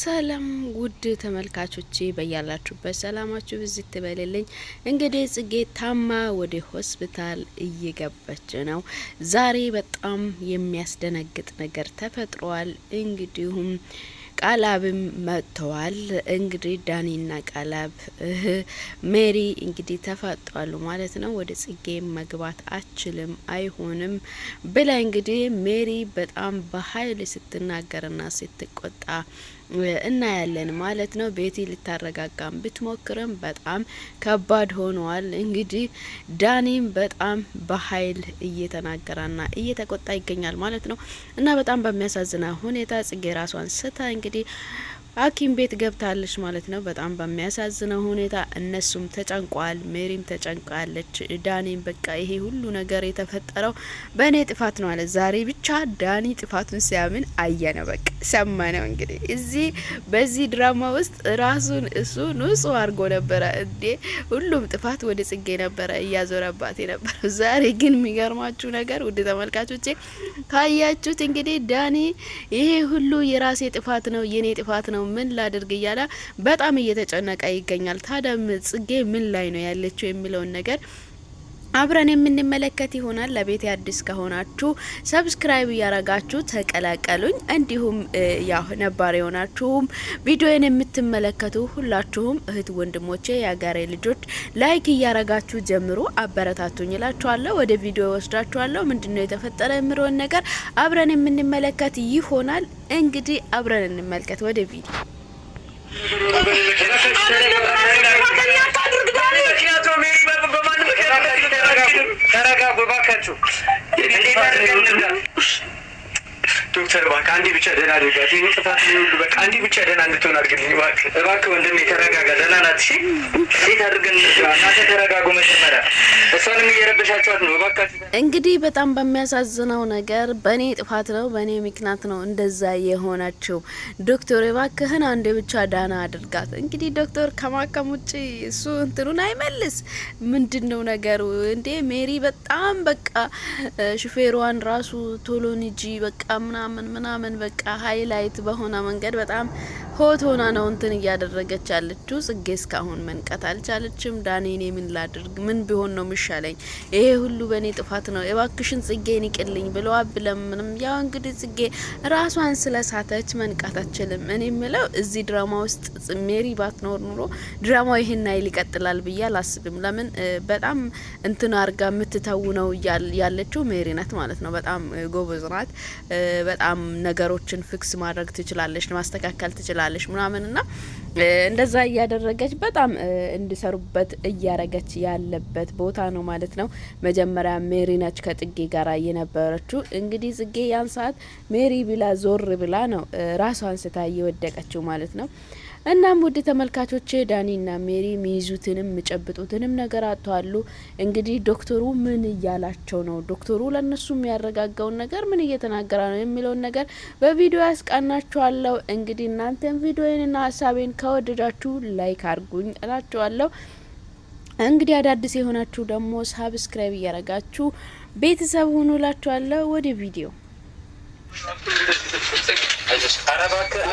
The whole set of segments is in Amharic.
ሰላም ውድ ተመልካቾቼ በያላችሁበት ሰላማችሁ ብዝት ትበልልኝ። እንግዲህ ጽጌ ታማ ወደ ሆስፒታል እየገባች ነው። ዛሬ በጣም የሚያስደነግጥ ነገር ተፈጥሯል። እንግዲሁም ቃላብም መጥተዋል። እንግዲህ ዳኒና ቃላብ ሜሪ እንግዲህ ተፈጧሉ ማለት ነው። ወደ ጽጌ መግባት አችልም አይሆንም ብላ እንግዲህ ሜሪ በጣም በኃይል ስትናገርና ስትቆጣ እናያለን ማለት ነው። ቤቲ ልታረጋጋም ብትሞክርም በጣም ከባድ ሆኗል። እንግዲህ ዳኒም በጣም በኃይል እየተናገራና እየተቆጣ ይገኛል ማለት ነው እና በጣም በሚያሳዝና ሁኔታ ጽጌ ራሷን ስታ jadi ሐኪም ቤት ገብታለች ማለት ነው። በጣም በሚያሳዝነው ሁኔታ እነሱም ተጨንቋል፣ ሜሪም ተጨንቃለች። ዳኒም በቃ ይሄ ሁሉ ነገር የተፈጠረው በእኔ ጥፋት ነው አለ። ዛሬ ብቻ ዳኒ ጥፋቱን ሲያምን አየ ነው በቃ ሰማ ነው እንግዲህ እዚህ በዚህ ድራማ ውስጥ ራሱን እሱ ንጹህ አድርጎ ነበረ እንዴ ሁሉም ጥፋት ወደ ጽጌ ነበረ እያዞረባት የነበረው። ዛሬ ግን የሚገርማችሁ ነገር ውድ ተመልካቾቼ ካያችሁት እንግዲህ ዳኒ ይሄ ሁሉ የራሴ ጥፋት ነው የኔ ጥፋት ነው ነው ምን ላድርግ እያለ በጣም እየተጨነቀ ይገኛል። ታዲያ ጽጌ ምን ላይ ነው ያለችው የሚለውን ነገር አብረን የምንመለከት ይሆናል። ለቤት አዲስ ከሆናችሁ ሰብስክራይብ እያረጋችሁ ተቀላቀሉኝ። እንዲሁም ያው ነባር የሆናችሁም ቪዲዮን የምትመለከቱ ሁላችሁም እህት ወንድሞቼ፣ የአገሬ ልጆች ላይክ እያረጋችሁ ጀምሩ፣ አበረታቱኝ እላችኋለሁ። ወደ ቪዲዮ ወስዳችኋለሁ። ምንድን ነው የተፈጠረ የምለውን ነገር አብረን የምንመለከት ይሆናል። እንግዲህ አብረን እንመልከት ወደ ቪዲዮ በማ ተረጋጉ፣ ተረጋጉ እባካችሁ። ዶክተር እባክህ አንዴ ብቻ ደህና አድርጋት። ይህ ጥፋት ሁሉ በቃ አንዴ ብቻ ደህና እንድትሆን አድርግልኝ እባክህ፣ እባክህ ወንድሜ ተረጋጋ። ደህና ናት። እሺ እንዴት አድርገን እናንተ ተረጋጉ። መጀመሪያ እሷንም እየረበሻቸዋት ነው። እባካችሁ እንግዲህ በጣም በሚያሳዝነው ነገር በእኔ ጥፋት ነው፣ በእኔ ምክንያት ነው እንደዛ የሆነችው። ዶክተር እባክህን አንዴ ብቻ ደህና አድርጋት። እንግዲህ ዶክተር ከማከም ውጭ እሱ እንትኑን አይመልስ። ምንድን ነው ነገሩ እንዴ? ሜሪ በጣም በቃ ሹፌሯን ራሱ ቶሎ ንጂ በቃ ምና ምናምን ምናምን በቃ ሀይላይት በሆነ መንገድ በጣም ሆት ሆና ነው እንትን እያደረገች ያለችው። ጽጌ እስካሁን መንቀት አልቻለችም። ዳኔ እኔ ምን ላድርግ? ምን ቢሆን ነው የሚሻለኝ? ይሄ ሁሉ በእኔ ጥፋት ነው። የባክሽን ጽጌን ይቅልኝ ብሎ አብለምንም ያው እንግዲህ ጽጌ ራሷን ስለሳተች መንቃት አችልም። እኔ የምለው እዚህ ድራማ ውስጥ ሜሪ ባትኖር ኑሮ ድራማው ይህን አይል ይቀጥላል ብዬ አላስብም። ለምን በጣም እንትን አርጋ ነው ያለችው ሜሪ ናት ማለት ነው። በጣም ጎበዝ ናት። በጣም ነገሮችን ፍክስ ማድረግ ትችላለች፣ ማስተካከል ትችላለች። ትችላለች ምናምን ና እንደዛ እያደረገች በጣም እንዲሰሩበት እያረገች ያለበት ቦታ ነው ማለት ነው። መጀመሪያ ሜሪ ነች ከጽጌ ጋር የነበረችው። እንግዲህ ጽጌ ያን ሰዓት ሜሪ ብላ ዞር ብላ ነው ራሷን ስታ እየወደቀችው ማለት ነው። እናም ውድ ተመልካቾች ዳኒና ሜሪ የሚይዙትንም የሚጨብጡትንም ነገር አጥተዋሉ። እንግዲህ ዶክተሩ ምን እያላቸው ነው፣ ዶክተሩ ለእነሱ የሚያረጋጋውን ነገር ምን እየተናገራ ነው የሚለውን ነገር በቪዲዮ ያስቃናችኋለሁ። እንግዲህ እናንተን ቪዲዮዬንና ሀሳቤን ከወደዳችሁ ላይክ አድርጉኝ እላችኋለሁ። እንግዲህ አዳዲስ የሆናችሁ ደግሞ ሳብስክራይብ እያረጋችሁ ቤተሰብ ሁኑ እላችኋለሁ። ወደ ቪዲዮ እንዴት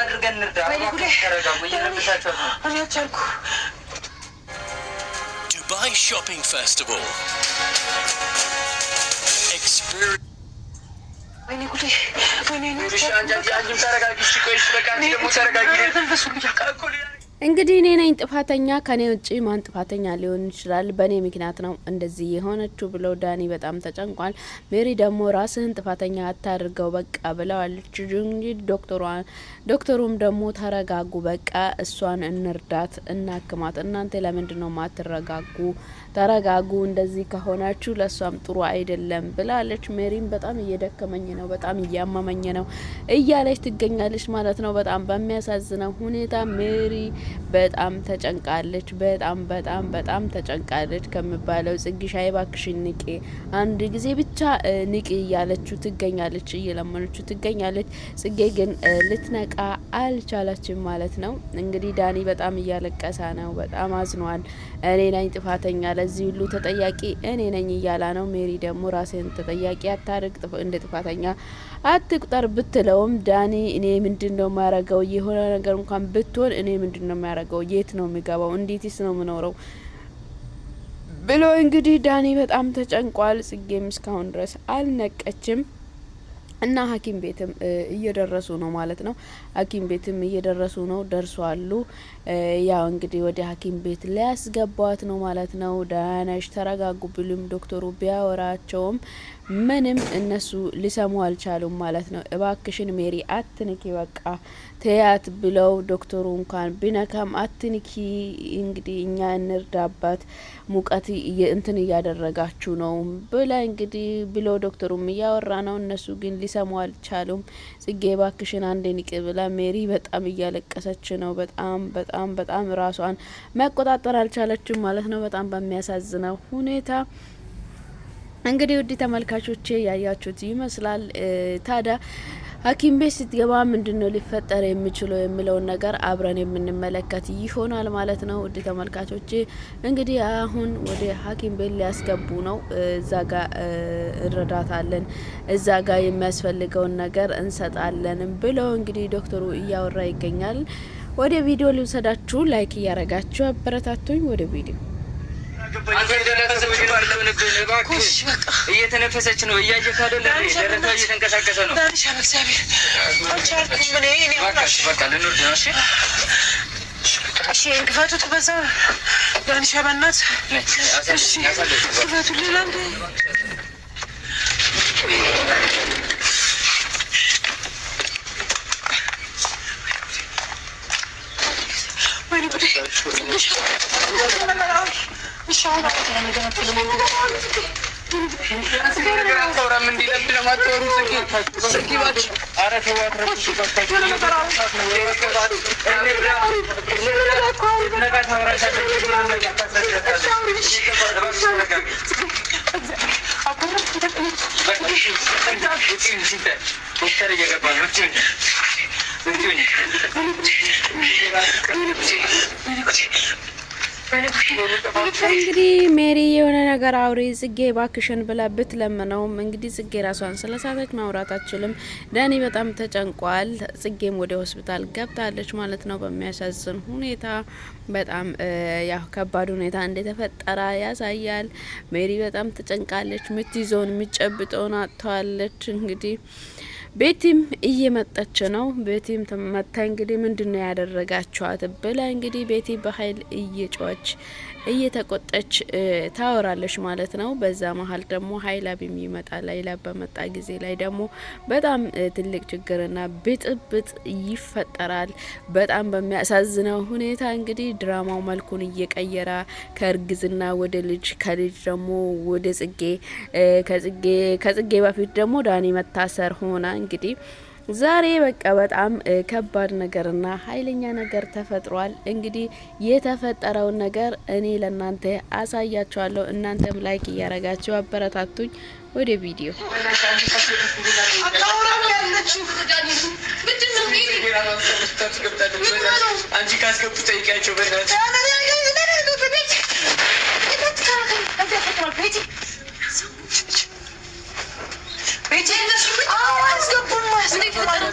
አድርገን እንርዳ? Dubai Shopping Festival. Experience. Wayne እንግዲህ እኔ ነኝ ጥፋተኛ፣ ከኔ ውጭ ማን ጥፋተኛ ሊሆን ይችላል? በእኔ ምክንያት ነው እንደዚህ የሆነችው ብለው ዳኒ በጣም ተጨንቋል። ሜሪ ደግሞ ራስህን ጥፋተኛ አታድርገው በቃ ብለዋለች እንጂ ዶክተሩም ደግሞ ተረጋጉ፣ በቃ እሷን እንርዳት፣ እናክማት። እናንተ ለምንድን ነው ማትረጋጉ ተረጋጉ፣ እንደዚህ ከሆናችሁ ለእሷም ጥሩ አይደለም ብላለች። ሜሪም በጣም እየደከመኝ ነው፣ በጣም እያመመኝ ነው እያለች ትገኛለች ማለት ነው። በጣም በሚያሳዝነው ሁኔታ ሜሪ በጣም ተጨንቃለች። በጣም በጣም በጣም ተጨንቃለች ከሚባለው ጽጌ ባክሽን አንድ ጊዜ ብቻ ንቂ እያለችው ትገኛለች፣ እየለመነችው ትገኛለች። ጽጌ ግን ልትነቃ አልቻለችም ማለት ነው። እንግዲህ ዳኒ በጣም እያለቀሰ ነው፣ በጣም አዝኗል። እኔ ነኝ ጥፋተኛ ለዚህ ሁሉ ተጠያቂ እኔ ነኝ እያላ ነው። ሜሪ ደግሞ ራሴን ተጠያቂ አታርግ፣ እንደ ጥፋተኛ አትቁጠር ብትለውም ዳኒ እኔ ምንድን ነው የሚያረገው? የሆነ ነገር እንኳን ብትሆን እኔ ምንድን ነው የሚያረገው? የት ነው የሚገባው? እንዴትስ ነው የምኖረው ብሎ እንግዲህ ዳኒ በጣም ተጨንቋል። ጽጌም እስካሁን ድረስ አልነቀችም። እና ሐኪም ቤትም እየደረሱ ነው ማለት ነው። ሐኪም ቤትም እየደረሱ ነው ደርሷሉ። ያው እንግዲህ ወደ ሐኪም ቤት ሊያስገባት ነው ማለት ነው። ዳያነሽ ተረጋጉ ብሉም ዶክተሩ ቢያወራቸውም ምንም እነሱ ሊሰሙ አልቻሉም ማለት ነው። እባክሽን ሜሪ አትንኪ፣ በቃ ተያት ብለው ዶክተሩ እንኳን ቢነካም አትንኪ፣ እንግዲህ እኛ እንርዳባት፣ ሙቀት እንትን እያደረጋችሁ ነው ብላ እንግዲህ ብሎ ዶክተሩም እያወራ ነው። እነሱ ግን ሊሰሙ አልቻሉም። ጽጌ እባክሽን አንዴ ንቂ ብላ ሜሪ በጣም እያለቀሰች ነው። በጣም በጣም በጣም ራሷን መቆጣጠር አልቻለችም ማለት ነው። በጣም በሚያሳዝነው ሁኔታ እንግዲህ ውድ ተመልካቾቼ ያያችሁት ይመስላል። ታዲያ ሐኪም ቤት ስትገባ ምንድን ነው ሊፈጠር የሚችለው የሚለውን ነገር አብረን የምንመለከት ይሆናል ማለት ነው። ውድ ተመልካቾቼ እንግዲህ አሁን ወደ ሐኪም ቤት ሊያስገቡ ነው። እዛ ጋ እንረዳታለን፣ እዛ ጋ የሚያስፈልገውን ነገር እንሰጣለን ብለው እንግዲህ ዶክተሩ እያወራ ይገኛል። ወደ ቪዲዮ ሊውሰዳችሁ ላይክ እያረጋችሁ አበረታቱኝ። ወደ ቪዲዮ እየተነፈሰች ነው። እያየህ አይደለ? ደረቷ እየተንቀሳቀሰ ነው። ክፈቱት፣ በዛ ዳንሻ፣ እየገባ ነው። እንግዲህ ሜሪ የሆነ ነገር አውሪ ጽጌ ባክሽን ብላ ብትለምነውም እንግዲህ ጽጌ ራሷን ስለሳተች ማውራት አችልም። ዳኒ በጣም ተጨንቋል። ጽጌም ወደ ሆስፒታል ገብታለች ማለት ነው። በሚያሳዝን ሁኔታ በጣም ያው ከባድ ሁኔታ እንደተፈጠረ ያሳያል። ሜሪ በጣም ተጨንቃለች። ምትይዘውን የምትጨብጠውን አጥተዋለች እንግዲህ ቤቲም እየመጣች ነው። ቤቲም መታ እንግዲህ ምንድን ነው ያደረጋችኋት ብላ እንግዲህ ቤቲ በኃይል እየጮች እየተቆጠች ታወራለች ማለት ነው። በዛ መሀል ደግሞ ሀይላብ የሚመጣል። ሀይላብ በመጣ ጊዜ ላይ ደግሞ በጣም ትልቅ ችግርና ብጥብጥ ይፈጠራል። በጣም በሚያሳዝነው ሁኔታ እንግዲህ ድራማው መልኩን እየቀየረ ከእርግዝና ወደ ልጅ፣ ከልጅ ደግሞ ወደ ጽጌ፣ ከጽጌ በፊት ደግሞ ዳኒ መታሰር ሆና እንግዲህ ዛሬ በቃ በጣም ከባድ ነገርና ኃይለኛ ነገር ተፈጥሯል። እንግዲህ የተፈጠረውን ነገር እኔ ለእናንተ አሳያችኋለሁ። እናንተም ላይክ እያረጋችሁ አበረታቱኝ። ወደ ቪዲዮ አንቺ ካስገቡ ጠይቂያቸው በናት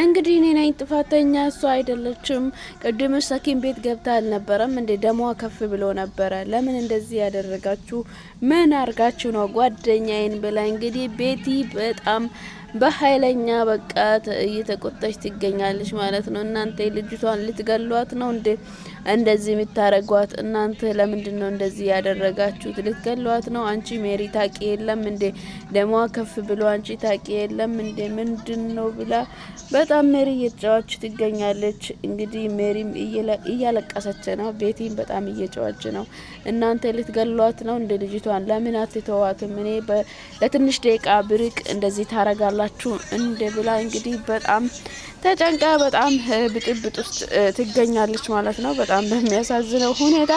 እንግዲህ እኔ ነኝ ጥፋተኛ፣ እሷ አይደለችም። ቅድም ሐኪም ቤት ገብታ አልነበረም እንዴ? ደሟ ከፍ ብሎ ነበረ። ለምን እንደዚህ ያደረጋችሁ? ምን አርጋችሁ ነው ጓደኛዬን? ብላ እንግዲህ ቤቲ በጣም በኃይለኛ በቃ እየተቆጣች ትገኛለች ማለት ነው። እናንተ ልጅቷን ልትገሏት ነው እንዴ? እንደዚህ የምታረጓት እናንተ ለምንድን ነው እንደዚህ ያደረጋችሁት? ልትገሏት ነው? አንቺ ሜሪ ታቂ የለም እንዴ ደሟ ከፍ ብሎ አንቺ ታቂ የለም እንዴ ምንድን ነው ብላ በጣም ሜሪ እየተጫዋች ትገኛለች። እንግዲህ ሜሪም እያለቀሰች ነው። ቤቲም በጣም እየጫዋች ነው። እናንተ ልትገሏት ነው እንደ ልጅቷን ለምን አትተዋትም? እኔ ለትንሽ ደቂቃ ብርቅ እንደዚህ ታረጋላችሁ እንደ ብላ እንግዲህ በጣም ተጨንቃ በጣም ብጥብጥ ውስጥ ትገኛለች ማለት ነው። በጣም በሚያሳዝነው ሁኔታ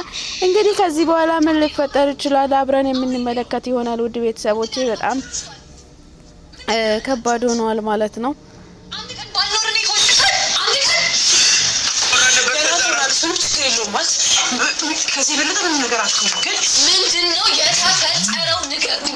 እንግዲህ ከዚህ በኋላ ምን ሊፈጠር ይችላል አብረን የምንመለከት ይሆናል። ውድ ቤተሰቦች በጣም ከባድ ሆነዋል ማለት ነው። ከዚህ በለጠ ምንም ነገር አትሆኑ። ግን ምንድን ነው የተፈጠረው ንገሩኝ።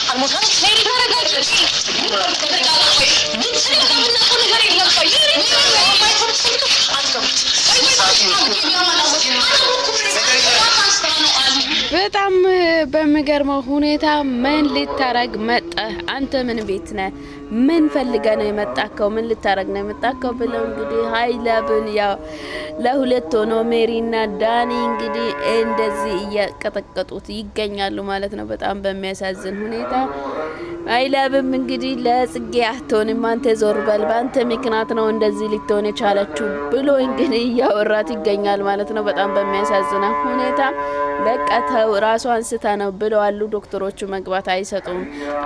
አልሞታለች በጣም በሚገርመው ሁኔታ ምን ልታረግ መጣህ? አንተ ምን ቤት ነህ? ምን ፈልገህ ነው የመጣከው? ምን ልታረግ ነው የመጣከው? ብለው እንግዲህ ሀይለብን ያው ለሁለት ሆኖ ሜሪና ዳኒ እንግዲህ እንደዚህ እያቀጠቀጡት ይገኛሉ ማለት ነው። በጣም በሚያሳዝን ሁኔታ አይለብም እንግዲህ ለጽጌ አትሆንም፣ አንተ ዞር በል፣ በአንተ ምክንያት ነው እንደዚህ ልትሆን የቻለችው ብሎ እንግዲህ እያወራት ይገኛል ማለት ነው። በጣም በሚያሳዝነ ሁኔታ በቃ ተው ራሱ አንስታ ነው ብለዋሉ ዶክተሮቹ። መግባት አይሰጡም፣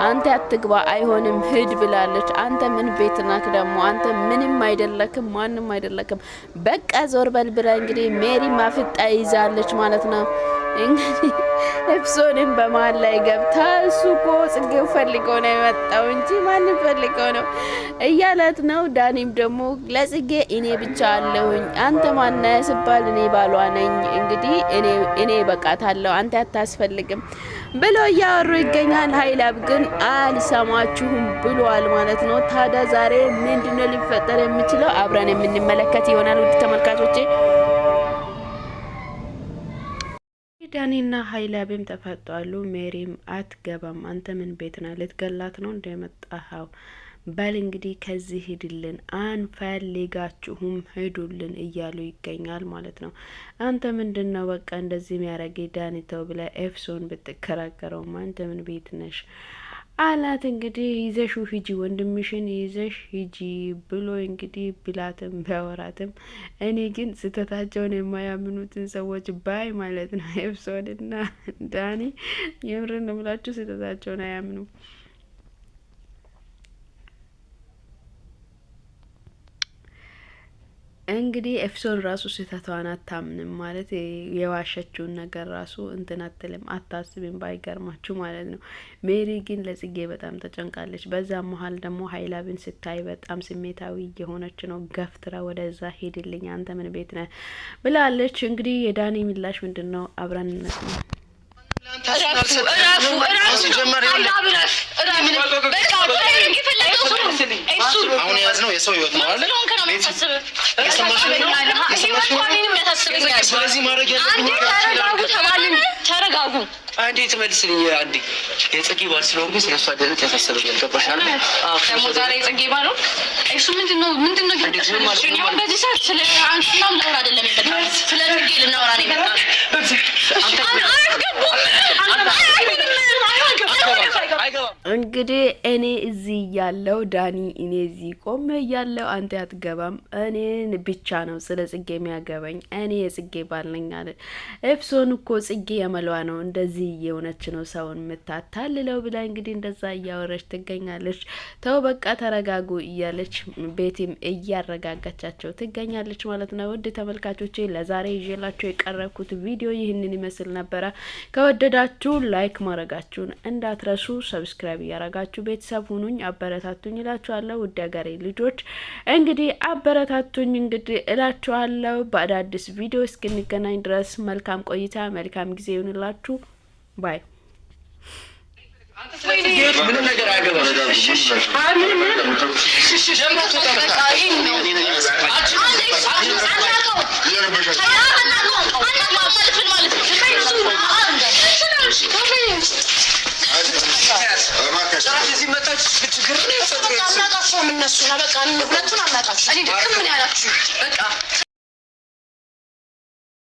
አንተ አትግባ፣ አይሆንም፣ ሂድ ብላለች። አንተ ምን ቤት ናክ ደግሞ አንተ ምንም አይደለክም፣ ማንም አይደለክም፣ በቃ ዞር በል ብላ እንግዲህ ሜሪ ማፍጣ ይዛለች ማለት ነው። እንግዲህ ኤፕሶድን በመሀል ላይ ገብታ እሱ እኮ ጽጌው ፈልገው ነው የመጣው እንጂ ማን ፈልገው ነው እያለት ነው። ዳኒም ደግሞ ለጽጌ እኔ ብቻ አለሁኝ፣ አንተ ማና ስባል እኔ ባሏ ነኝ፣ እንግዲህ እኔ በቃታለሁ፣ አንተ አታስፈልግም ብሎ እያወሩ ይገኛል። ሀይላብ ግን አልሰማችሁም ብሏል ማለት ነው። ታዲያ ዛሬ ምንድነው ሊፈጠር የሚችለው? አብረን የምንመለከት ይሆናል ውድ ተመልካቾቼ። ዳኒና ሀይለብም ተፈጧሉ። ሜሪም አትገባም፣ አንተ ምን ቤት ነህ? ልትገላት ነው እንደመጣኸው በል እንግዲህ ከዚህ ሂድልን፣ አንፈልጋችሁም፣ ሂዱልን እያሉ ይገኛል ማለት ነው። አንተ ምንድን ነው በቃ እንደዚህ የሚያደርግ ዳኒ ተው ብለ ኤፍሶን ብትከራከረውም አንተ ምን ቤት ነሽ? አላት። እንግዲህ ይዘሽ ሂጂ ወንድምሽን ይዘሽ ሂጂ ብሎ እንግዲህ ብላትም ቢያወራትም እኔ ግን ስህተታቸውን የማያምኑትን ሰዎች ባይ ማለት ነው ኤፕሶንና ዳኒ የምርን ብላችሁ ስህተታቸውን አያምኑም። እንግዲህ ኤፍሶን ራሱ ስህተቷን አታምንም ማለት የዋሸችውን ነገር ራሱ እንትን አትልም አታስብም፣ ባይገርማችሁ ማለት ነው። ሜሪ ግን ለጽጌ በጣም ተጨንቃለች። በዛ መሀል ደግሞ ሀይላብን ስታይ በጣም ስሜታዊ እየሆነች ነው። ገፍትራ ወደዛ ሄድልኝ፣ አንተ ምን ቤት ነህ ብላለች። እንግዲህ የዳኒ ምላሽ ምንድን ነው? አብረን እንስማ። አሁን የያዝነው የሰው ህይወት ነው ተረጋጉ። አንዴ ትመልስልኝ። አንዴ የጽጌ ባል ስለሆንኩኝ ስለ እሷ ደህንነት ያሳሰበኝ ደግሞ ዛሬ የጽጌ ባል እሱ ምንድን ነው ምንድን ነው? በዚህ ሰዓት ስለ አንቺ ምናምን አይደለም የመጣው ስለ ጽጌ ልናወራ ነው የመጣው። አስገቡ Diego. እንግዲህ እኔ እዚህ እያለው ዳኒ እኔ እዚህ ቆሜ እያለው አንተ አትገባም፣ እኔን ብቻ ነው ስለ ጽጌ የሚያገባኝ፣ እኔ የጽጌ ባል ነኝ አለ። ኤፕሶን እኮ ጽጌ የመሏ ነው እንደዚህ እየሆነች ነው ሰውን የምታታልለው ብላ እንግዲህ እንደዛ እያወረች ትገኛለች። ተው በቃ ተረጋጉ እያለች ቤቲም እያረጋጋቻቸው ትገኛለች ማለት ነው። ውድ ተመልካቾቼ ለዛሬ ይዤላቸው የቀረብኩት ቪዲዮ ይህንን ይመስል ነበረ። ከወደዳችሁ ላይክ ማድረጋችሁን እንዳትረሱ ሰብስ ሰብስክራይብ እያረጋችሁ ቤተሰብ ሁኑኝ፣ አበረታቱኝ እላችኋለሁ። ውድ ሀገሬ ልጆች እንግዲህ አበረታቱኝ እንግዲህ እላችኋለሁ። በአዳዲስ ቪዲዮ እስክንገናኝ ድረስ መልካም ቆይታ፣ መልካም ጊዜ ይሁንላችሁ። ባይ አናቃቸውም እነሱን። በቃ ሁለቱን አናቃቸው። እኔ ድክም ምን ያላችሁ በቃ